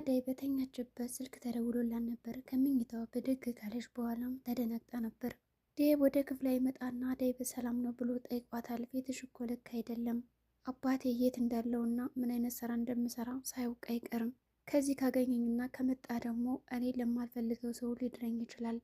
አዳይ በተኛችበት ስልክ ተደውሎላት ነበር። ከምኝታዋ ብድግ ካለች በኋላም ተደናግጣ ነበር። ዴብ ወደ ክፍል ይመጣና አደይ በሰላም ነው ብሎ ጠይቋታል። ቤትሽ እኮ ልክ አይደለም፣ አባቴ የት እንዳለውና ምን አይነት ስራ እንደምሰራ ሳያውቅ አይቀርም። ከዚህ ካገኘኝና ከመጣ ደግሞ እኔ ለማልፈልገው ሰው ሊድረኝ ይችላል።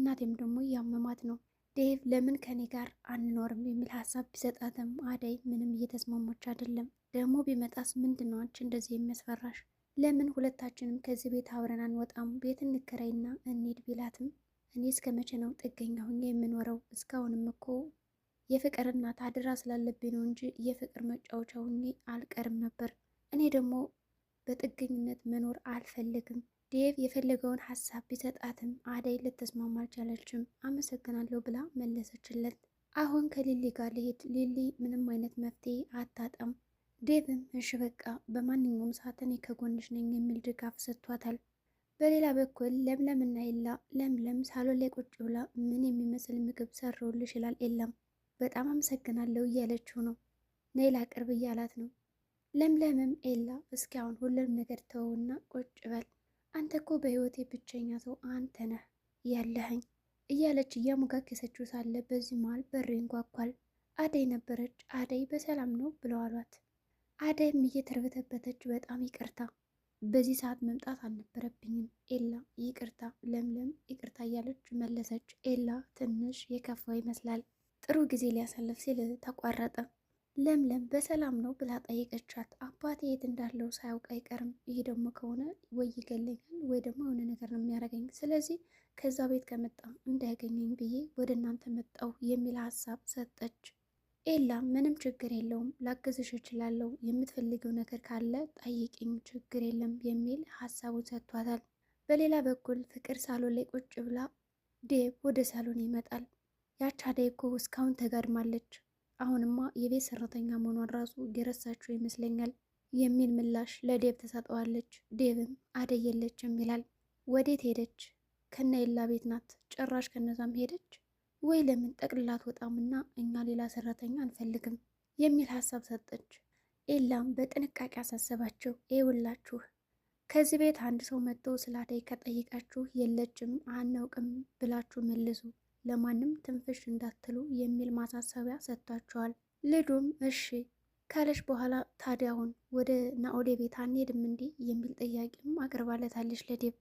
እናቴም ደግሞ እያመማት ነው። ዴቭ ለምን ከኔ ጋር አንኖርም የሚል ሀሳብ ቢሰጣትም አደይ ምንም እየተስማማች አይደለም። ደግሞ ቢመጣስ ምንድን ነው አንቺ እንደዚህ የሚያስፈራሽ? ለምን ሁለታችንም ከዚህ ቤት አብረን አንወጣም? ቤት እንከራይና እንሂድ ቢላትም እኔ እስከ መቼ ነው ጥገኛ ሁኜ የምኖረው? እስካሁንም እኮ የፍቅር እናት አደራ ስላለብኝ ነው እንጂ የፍቅር መጫወቻ ሁኜ አልቀርም ነበር። እኔ ደግሞ በጥገኝነት መኖር አልፈልግም። ዴቭ የፈለገውን ሀሳብ ቢሰጣትም አደይ ልትስማማ አልቻለችም። አመሰግናለሁ ብላ መለሰችለት። አሁን ከሊሊ ጋር ልሄድ፣ ሊሊ ምንም አይነት መፍትሄ አታጣም። ዴቭም እሽ በቃ በማንኛውም ሰዓት እኔ ከጎንሽ ነኝ የሚል ድጋፍ ሰጥቷታል። በሌላ በኩል ለምለም እና ኤላ ለምለም ሳሎን ላይ ቁጭ ብላ ምን የሚመስል ምግብ ሰራውልሽ ይላል። ኤላም በጣም አመሰግናለሁ እያለችው ነው። ኔላ ቅርብ እያላት ነው። ለምለምም ኤላ እስኪ አሁን ሁሉም ነገር ተወውና ቁጭ በል አንተ እኮ በህይወቴ ብቸኛ ሰው አንተ ነህ ያለኸኝ እያለች እያሞጋገሰችው ሳለ በዚህ መሃል በር ይንኳኳል። አደይ ነበረች። አደይ በሰላም ነው ብለው አሏት። አደይም እየተርበተበተች በጣም ይቅርታ፣ በዚህ ሰዓት መምጣት አልነበረብኝም ኤላ ይቅርታ፣ ለምለም ይቅርታ እያለች መለሰች። ኤላ ትንሽ የከፋው ይመስላል። ጥሩ ጊዜ ሊያሳልፍ ሲል ተቋረጠ። ለምለም በሰላም ነው ብላ ጠይቀቻት። አባቴ የት እንዳለው ሳያውቅ አይቀርም። ይህ ደግሞ ከሆነ ወይ ይገለኛል ወይ ደግሞ የሆነ ነገር ነው የሚያደርገኝ። ስለዚህ ከዛ ቤት ከመጣ እንዳያገኘኝ ብዬ ወደ እናንተ መጣው የሚል ሀሳብ ሰጠች። ኤላ ምንም ችግር የለውም ላግዝሽ እችላለሁ፣ የምትፈልገው ነገር ካለ ጠይቅኝ፣ ችግር የለም የሚል ሀሳቡን ሰጥቷታል። በሌላ በኩል ፍቅር ሳሎን ላይ ቁጭ ብላ ዴቭ ወደ ሳሎን ይመጣል። ያች አደይ እኮ እስካሁን ተጋድማለች፣ አሁንማ የቤት ሰራተኛ መሆኗን ራሱ የረሳችው ይመስለኛል የሚል ምላሽ ለዴብ ተሰጠዋለች። ዴብም አደይ የለችም ይላል። ወዴት ሄደች? ከነ ኤላ ቤት ናት። ጭራሽ ከነዛም ሄደች ወይ ለምን ጠቅልላት ወጣምና እኛ ሌላ ሰራተኛ አንፈልግም የሚል ሀሳብ ሰጠች። ኤላም በጥንቃቄ አሳሰባቸው። ይውላችሁ ከዚህ ቤት አንድ ሰው መጥቶ ስለ አደይ ከጠይቃችሁ የለችም አናውቅም ብላችሁ መልሱ፣ ለማንም ትንፍሽ እንዳትሉ የሚል ማሳሰቢያ ሰጥቷቸዋል። ልዱም እሺ ካለች በኋላ ታዲያውን ወደ ናኦዴ ቤት አንሄድም እንዲህ የሚል ጥያቄም አቅርባለታለች ለዴብ።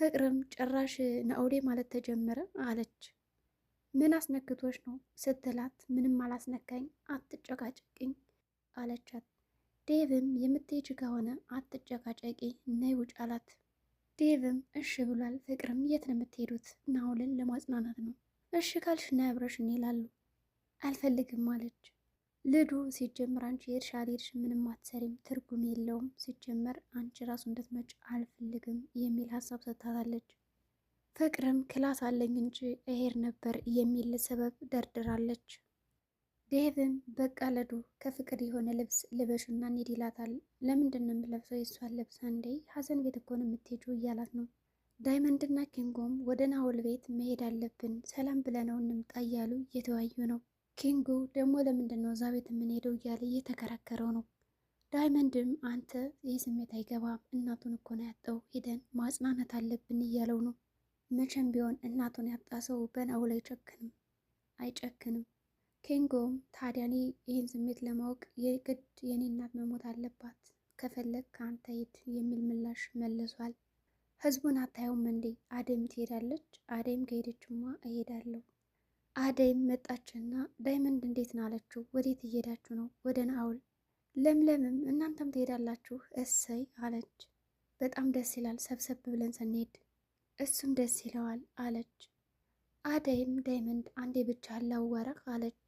ፍቅርም ጭራሽ ናኦዴ ማለት ተጀመረ አለች። ምን አስነክቶች ነው ስትላት፣ ምንም አላስነካኝ፣ አትጨቃጨቂኝ አለቻት። ዴቭም የምትሄጂ ከሆነ አትጨቃጨቂ፣ ነይ ውጭ አላት። ዴቭም እሺ ብሏል። ፍቅርም የት ነው የምትሄዱት? ናውልን ለማጽናናት ነው። እሺ ካልሽ ና አብረሽን ይላሉ። አልፈልግም አለች ልዱ። ሲጀመር አንቺ የእርሻ አልሄድሽ ምንም አትሰሪም፣ ትርጉም የለውም። ሲጀመር አንቺ ራሱ እንድትመጪ አልፈልግም የሚል ሀሳብ ሰጥታታለች። ፍቅርም ክላስ አለኝ እንጂ እሄድ ነበር የሚል ሰበብ ደርድራለች። ዴቭም በቃ ለዱ ከፍቅር የሆነ ልብስ ልበሹና እንሂድ ይላታል። ለምንድን ነው የምትለብሰው የእሷን ልብስ አንዴ ሀዘን ቤት እኮ ነው እያላት ነው። ዳይመንድና ኪንጎም ወደ ናውል ቤት መሄድ አለብን ሰላም ብለነው እንምጣ እያሉ እየተወያዩ ነው። ኪንጎ ደግሞ ለምንድን ነው እዛ ቤት የምንሄደው እያለ እየተከራከረው ነው። ዳይመንድም አንተ ይህ ስሜት አይገባም እናቱን እኮ ነው ያጣው ሂደን ማጽናናት አለብን እያለው ነው። መቼም ቢሆን እናቱን ያጣ ሰው በናውል አይጨክንም አይጨክንም። ኬንጎም ታዲያ እኔ ይህን ስሜት ለማወቅ የግድ የኔ እናት መሞት አለባት ከፈለግ ከአንተ ሂድ የሚል ምላሽ መልሷል። ህዝቡን አታየውም እንዴ? አደይም ትሄዳለች። አደይም ከሄደችማ እሄዳለሁ። አደይም መጣችና ዳይመንድ እንዴት ነው አለችው። ወዴት እየሄዳችሁ ነው? ወደ ናአውል። ለምለምም እናንተም ትሄዳላችሁ እሰይ አለች። በጣም ደስ ይላል ሰብሰብ ብለን ስንሄድ እሱም ደስ ይለዋል አለች። አደይም ዳይመንድ አንዴ ብቻ ወረቅ አለች።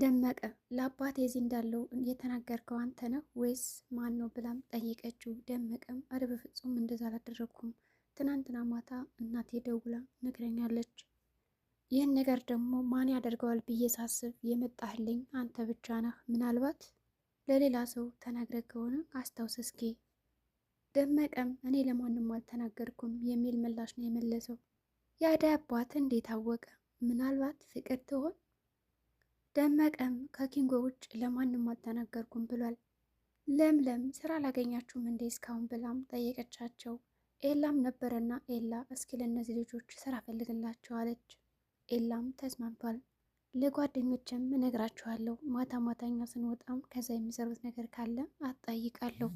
ደመቀ ለአባቴ እዚህ እንዳለው የተናገርከው አንተ ነህ ወይስ ማን ነው ብላም ጠይቀችው። ደመቀም አረ በፍጹም እንደዛ አላደረግኩም፣ ትናንትና ማታ እናቴ ደውላ ነግረኛለች። ይህን ነገር ደግሞ ማን ያደርገዋል ብዬ ሳስብ የመጣህልኝ አንተ ብቻ ነህ። ምናልባት ለሌላ ሰው ተናግረ ከሆነ አስታውስ እስኪ ደመቀም እኔ ለማንም አልተናገርኩም የሚል ምላሽ ነው የመለሰው። የአዳይ አባት እንዴት አወቀ? ምናልባት ፍቅር ትሆን? ደመቀም ከኪንጎ ውጭ ለማንም አልተናገርኩም ብሏል። ለምለም ስራ አላገኛችሁም እንዴ እስካሁን ብላም ጠየቀቻቸው። ኤላም ነበረና ኤላ እስኪ ለእነዚህ ልጆች ስራ ፈልግላቸው አለች። ኤላም ተስማምቷል። ለጓደኞችም እነግራችኋለሁ ማታ ማታኛ ስንወጣም ከዛ የሚሰሩት ነገር ካለ አጠይቃለሁ።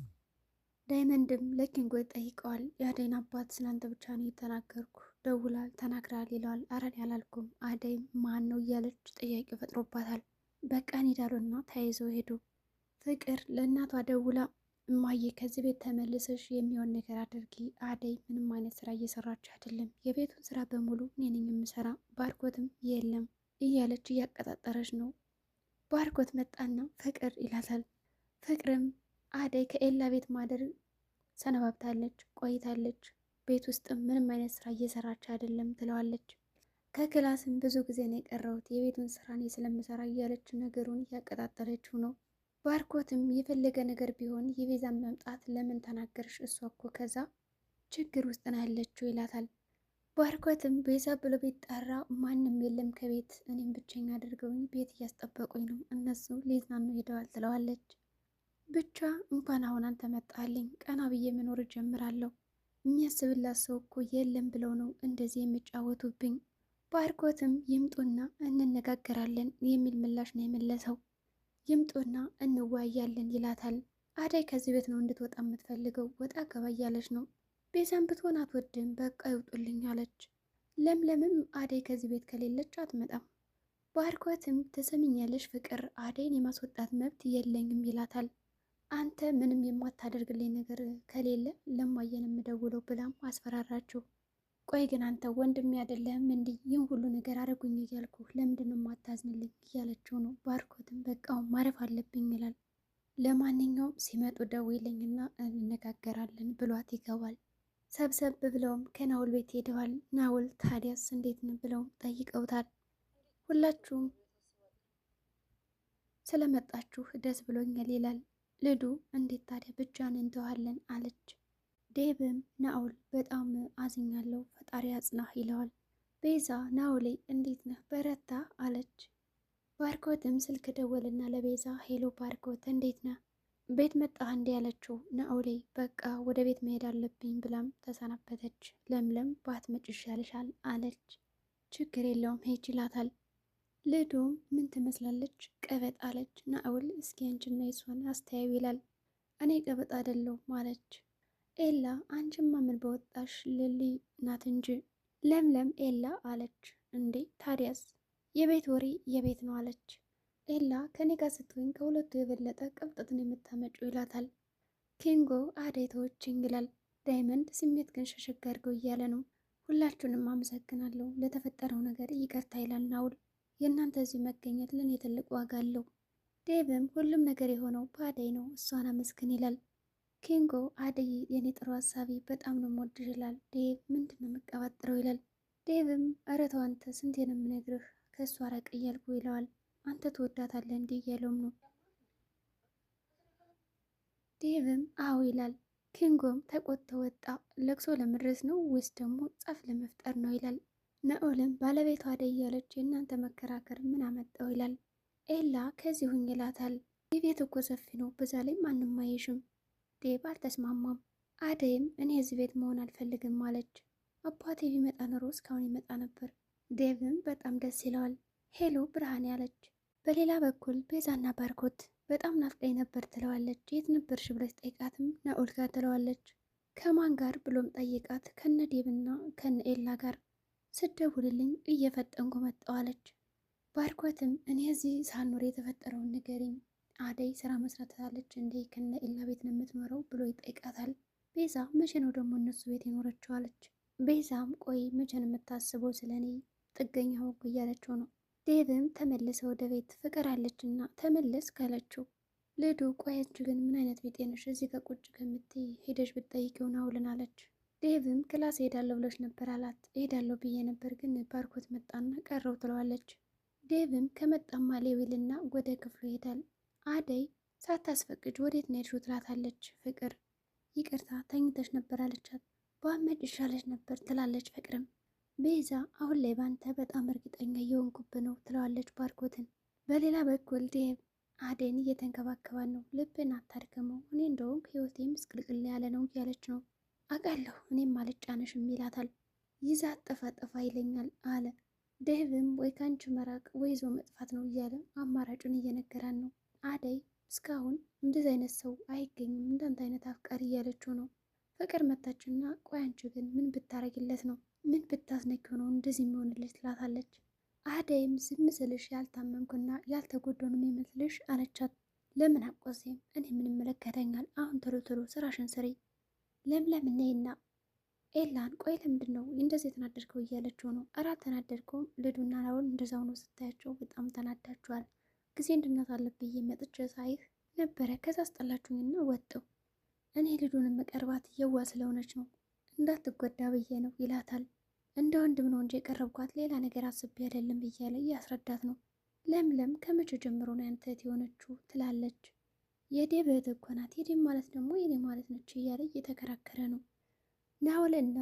ዳይመንድም ለኪንጎ ጠይቀዋል። የአደይን አባት ስላንተ ብቻ ነው የተናገርኩ ደውላ ተናግራል ይለዋል። አረን ያላልኩም አደይ ማን ነው እያለች ጥያቄ ፈጥሮባታል። በቃን ሂዳሉና ተያይዘው ሄዱ። ፍቅር ለእናቷ ደውላ እማዬ ከዚህ ቤት ተመልሰሽ የሚሆን ነገር አድርጊ፣ አደይ ምንም አይነት ስራ እየሰራች አይደለም፣ የቤቱን ስራ በሙሉ እኔ ነኝ የምሰራ፣ ባርኮትም የለም እያለች እያቀጣጠረች ነው። ባርኮት መጣና ፍቅር ይላታል። ፍቅርም አደይ ከኤላ ቤት ማደር ሰነባብታለች ቆይታለች። ቤት ውስጥ ምንም አይነት ስራ እየሰራች አይደለም ትለዋለች። ከክላስም ብዙ ጊዜ ነው የቀረሁት የቤቱን ስራ እኔ ስለምሰራ እያለች ነገሩን እያቀጣጠለችው ነው። ባርኮትም የፈለገ ነገር ቢሆን የቤዛን መምጣት ለምን ተናገርሽ? እሷ እኮ ከዛ ችግር ውስጥ ነው ያለችው ይላታል። ባርኮትም ቤዛ ብሎ ቢጠራ ማንም የለም ከቤት እኔም ብቸኛ አድርገውኝ ቤት እያስጠበቁኝ ነው፣ እነሱ ሊዝናኑ ሄደዋል ትለዋለች። ብቻ እንኳን አሁን አንተ መጣልኝ ቀና ብዬ መኖር ጀምራለሁ። የሚያስብላት ሰው እኮ የለም ብለው ነው እንደዚህ የሚጫወቱብኝ። ባርኮትም ይምጡና እንነጋገራለን የሚል ምላሽ ነው የመለሰው። ይምጡና እንወያያለን ይላታል። አዳይ ከዚህ ቤት ነው እንድትወጣ የምትፈልገው ወጣ ገባ እያለች ነው። ቤዛም ብትሆን አትወድም፣ በቃ ይውጡልኝ አለች። ለምለምም አደይ ከዚህ ቤት ከሌለች አትመጣም። ባርኮትም ትሰምኛለሽ ፍቅር፣ አደይን የማስወጣት መብት የለኝም ይላታል። አንተ ምንም የማታደርግልኝ ነገር ከሌለ ለማየን የምደውለው ብላም አስፈራራችሁ። ቆይ ግን አንተ ወንድም አይደለህም እንዲህ ይህን ሁሉ ነገር አደረጉኝ እያልኩ ለምንድን የማታዝንልኝ? እያለችው ነው። ባርኮትም በቃው ማረፍ አለብኝ ይላል። ለማንኛውም ሲመጡ ደውይልኝና እንነጋገራለን ብሏት ይገባል። ሰብሰብ ብለውም ከናውል ቤት ሄደዋል። ናውል ታዲያስ እንዴት ነው ብለውም ጠይቀውታል። ሁላችሁም ስለመጣችሁ ደስ ብሎኛል ይላል። ልዱ እንዴት ታዲያ ብቻን እንተዋለን አለች። ዴብም ናኦል በጣም አዝኛለሁ፣ ፈጣሪ አጽናህ ይለዋል። ቤዛ ናኦሌ እንዴት ነህ በረታ አለች። ባርኮትም ስልክ ደወልና ለቤዛ ሄሎ ባርኮት እንዴት ነህ ቤት መጣህ እንዴ ያለችው ናኦሌ በቃ ወደ ቤት መሄድ አለብኝ ብላም ተሰናበተች። ለምለም ባትመጭ ይሻልሻል አለች። ችግር የለውም ሄጅ ይላታል። ልዶም ምን ትመስላለች? ቀበጥ አለች። ናአውል እስኪ አንቺና የሷን አስተያዩ ይላል። እኔ ቀበጥ አይደለሁም አለች ኤላ። አንቺማ ምን በወጣሽ ልሊ ናት እንጂ ለምለም ኤላ አለች። እንዴ ታዲያስ የቤት ወሬ የቤት ነው አለች ኤላ። ከኔ ጋር ስትሆኝ ከሁለቱ የበለጠ ቀብጠትን የምታመጩ ይላታል። ኪንጎ አደይታዎች ይላል። ዳይመንድ ስሜት ግን ሸሸግ አድርገው እያለ ነው። ሁላችሁንም አመሰግናለሁ ለተፈጠረው ነገር ይቅርታ ይላል ናውል የእናንተ እዚህ መገኘት ለእኔ ትልቅ ዋጋ አለው። ዴቭም ሁሉም ነገር የሆነው በአደይ ነው፣ እሷን አመስግን ይላል። ኪንጎ አደይ የኔ ጥሩ ሀሳቢ በጣም ነው የምወድሽ ይላል። ዴቭ ምንድን ነው የምቀባጥረው ይላል። ዴቭም ኧረ ተው አንተ ስንቴ ነው የምነግርህ ከእሷ ራቅ እያልኩ ይለዋል። አንተ ትወዳታለህ እንዲህ እያለውም ነው። ዴቭም አዎ ይላል። ኪንጎም ተቆጥቶ ወጣ። ለቅሶ ለመድረስ ነው ወይስ ደግሞ ጸፍ ለመፍጠር ነው ይላል። ነኦልም ባለቤቷ አደይ እያለች የእናንተ መከራከር ምን አመጣው ይላል። ኤላ ሁኝ ይላታል። የቤት እኮ ሰፊ ነው፣ በዛ ላይ ማንም አይሽም። ዴብ አልተስማማም። አደይም እኔ እዚህ ቤት መሆን አልፈልግም አለች። አባቴ ቢመጣ ኖሮ እስካሁን ይመጣ ነበር። ዴብም በጣም ደስ ይለዋል። ሄሎ ብርሃን ያለች። በሌላ በኩል ቤዛና ባርኮት በጣም ናፍቀኝ ነበር ትለዋለች። የት ነበርሽ ብለሽ ጠይቃትም ነኦል ጋር ትለዋለች። ከማን ጋር ብሎም ጠይቃት ከነ ዴብና ከነ ኤላ ጋር ስደውልልኝ እየፈጠንኩ መጣሁ አለች። ባርኮትም እኔ እዚህ ሳኖር የተፈጠረውን ንገሪኝ፣ አደይ ስራ መስራት ላለች እንዴ ከነ ኢላ ቤት ነው የምትኖረው ብሎ ይጠይቃታል። ቤዛ መቼ ነው ደግሞ እነሱ ቤት የኖረችው አለች። ቤዛም ቆይ መቼ ነው የምታስበው ስለ እኔ ጥገኛ ሆንኩ እያለችው ነው። ዴቭም ተመልሰ ወደ ቤት ፍቅር አለችና ተመለስ ካለችው ልዱ ቆያችሁ ግን ምን አይነት ቢጤ ነሽ? እዚህ ቁጭ ከምትይ ሄደሽ ብትጠይቂው አውልን አለች። ዴቭም ክላስ ሄዳለሁ ብለሽ ነበር አላት። ሄዳለሁ ብዬ ነበር ግን ባርኮት መጣና ቀረው ትለዋለች። ዴቭም ከመጣማ ሌዊልና ወደ ክፍሉ ይሄዳል። አደይ ሳታስፈቅጅ ወዴት ነው ትላታለች። ፍቅር ይቅርታ ተኝተሽ ነበር አለቻት። በአመድ ይሻለች ነበር ትላለች። ፍቅርም ቤዛ አሁን ላይ ባንተ በጣም እርግጠኛ እየሆንኩብ ነው ትለዋለች ባርኮትን። በሌላ በኩል ዴቭ አደይን እየተንከባከባ ነው። ልብን አታድከመው እኔ እንደውም ህይወቴ ምስቅልቅል ያለ ነው እያለች ነው አውቃለሁ እኔም አልጫነሽም ይላታል። ይዛት ጠፋ ጠፋ ይለኛል አለ ደህብም። ወይ ከአንቺ መራቅ ወይ ይዞ መጥፋት ነው እያለ አማራጩን እየነገራን ነው። አደይ እስካሁን እንደዚህ አይነት ሰው አይገኝም እንዳንተ አይነት አፍቃሪ እያለችው ነው። ፍቅር መታችና ቆይ አንቺ ግን ምን ብታረግለት ነው ምን ብታስነኪው ነው እንደዚህ የሚሆንልሽ ትላታለች። አደይም ዝም ስልሽ ያልታመምኩና ያልተጎዳኑ የሚመስልሽ አለቻት። ለምን አቆሴም እኔ ምን ይመለከተኛል? አሁን ቶሎ ቶሎ ስራሽን ስሪ ለምለም ነይና ኤላን ቆይ ለምንድን ነው እንደዚህ የተናደድከው እያለችው ነው። እራት ተናደድከው ልዱና ናውን እንደዛው ነው ስታያቸው በጣም ተናዳችኋል። ጊዜ እንድናሳልፍ ብዬ መጥቼ ሳይህ ነበረ። ከዛ አስጠላችሁኝና ወጠው እኔ ልዱንም መቀርባት የዋ ስለሆነች ነው እንዳትጎዳ ብዬ ነው ይላታል። እንደ ወንድም ነው እንጂ የቀረብኳት ሌላ ነገር አስቤ አይደለም እያለ ያስረዳት ነው። ለምለም ከመቼ ጀምሮ ነው ያንተ የሆነችው ትላለች። የዴብ እህት እኮ ናት። የዴብ ማለት ደግሞ የኔ ማለት ነች እያለ እየተከራከረ ነው። ናውልና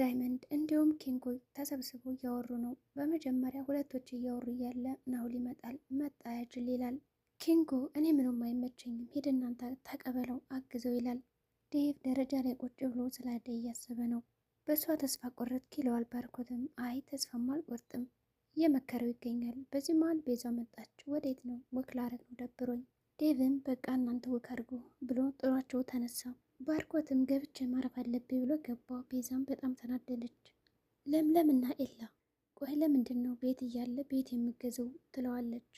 ዳይመንድ እንዲሁም ኪንጎ ተሰብስበው እያወሩ ነው። በመጀመሪያ ሁለቶች እያወሩ እያለ ናውል ይመጣል። መጣ ያጅል ይላል። ኪንጎ እኔ ምንም አይመቸኝም፣ ሂድ እናንተ ተቀበለው አግዘው ይላል። ዴቭ ደረጃ ላይ ቁጭ ብሎ ስላደ እያሰበ ነው። በእሷ ተስፋ ቆረጥክ ይለዋል። ባርኮትም አይ ተስፋም አልቆርጥም እየመከረው ይገኛል። በዚህ መሀል ቤዛ መጣች። ወዴት ነው ወክላረግ ነው ደብሮኝ ዴቭም በቃ እናንተ ወክ አድርጉ ብሎ ጥሯቸው ተነሳ። ባርኮትም ገብቼ ማረፍ አለብኝ ብሎ ገባ። ቤዛም በጣም ተናደደች። ለምለም እና ኤላ ቆይ ለምንድን ነው ቤት እያለ ቤት የምገዘው ትለዋለች።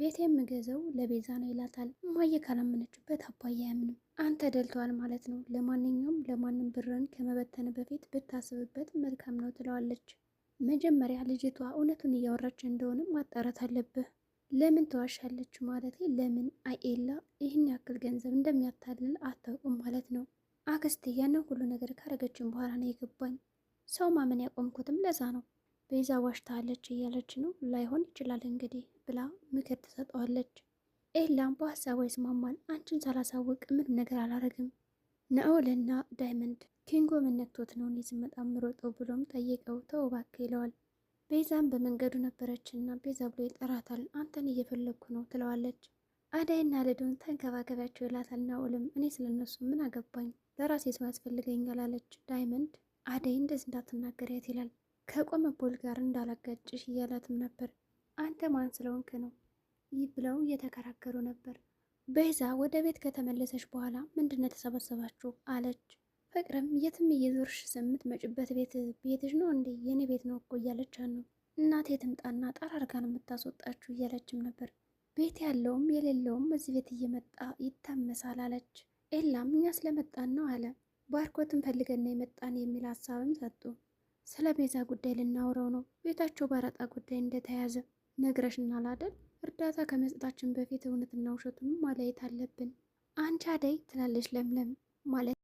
ቤት የምገዘው ለቤዛ ነው ይላታል። እማዬ ካላመነችበት አባዬ አያምንም። አንተ ደልተዋል ማለት ነው። ለማንኛውም ለማንም ብርን ከመበተን በፊት ብታስብበት መልካም ነው ትለዋለች። መጀመሪያ ልጅቷ እውነቱን እያወራች እንደሆነ ማጣራት አለብህ ለምን ትዋሻለች ማለት ለምን አኤላ ይህን ያክል ገንዘብ እንደሚያታልል አታውቁም ማለት ነው። አክስት ያንን ሁሉ ነገር ካረገችን በኋላ ነው የገባኝ። ሰው ማመን ያቆምኩትም ለዛ ነው። ቤዛ ዋሽታለች እያለች ነው። ላይሆን ይችላል እንግዲህ ብላ ምክር ትሰጠዋለች። ኤላም በሀሳቧ ይስማማል። አንቺን ሳላሳውቅ ምንም ነገር አላረግም። ነኦልና ዳይመንድ ኪንጎ መነክቶት ነው እኔ ስመጣ ምሮጠው ብሎም ጠይቀው ተው እባክህ ይለዋል። ቤዛም በመንገዱ ነበረችና ቤዛ ብሎ ይጠራታል። አንተን እየፈለግኩ ነው ትለዋለች። አደይና ልዱን ተንከባከቢያቸው ይላታል። ናኦልም እኔ ስለነሱ ምን አገባኝ ለራሴ ሰው ያስፈልገኛል አለች። ዳይመንድ አደይ እንደዚህ እንዳትናገሪያት ይላል። ከቆመ ቦል ጋር እንዳላጋጭሽ እያላትም ነበር። አንተ ማን ስለሆንክ ነው ይህ ብለው እየተከራከሩ ነበር። ቤዛ ወደ ቤት ከተመለሰች በኋላ ምንድነው የተሰበሰባችሁ አለች። ፍቅርም የትም እየዞርሽ መጭበት ቤት ቤትሽ ነው እንዴ? የኔ ቤት ነው እኮ እያለች ነው። እናቴ ትምጣና ጣር አድርጋ ነው የምታስወጣችሁ እያለችም ነበር። ቤት ያለውም የሌለውም እዚህ ቤት እየመጣ ይታመሳል አለች። ኤላም እኛ ስለመጣን ነው አለ። ባርኮትን ፈልገና የመጣን የሚል ሀሳብም ሰጡ። ስለ ቤዛ ጉዳይ ልናውረው ነው። ቤታቸው በአራጣ ጉዳይ እንደተያዘ ነግረሽናል አይደል? እርዳታ ከመስጠታችን በፊት እውነትና ውሸቱን ማለየት አለብን። አንቺ አደይ ትላለች ለምለም ማለት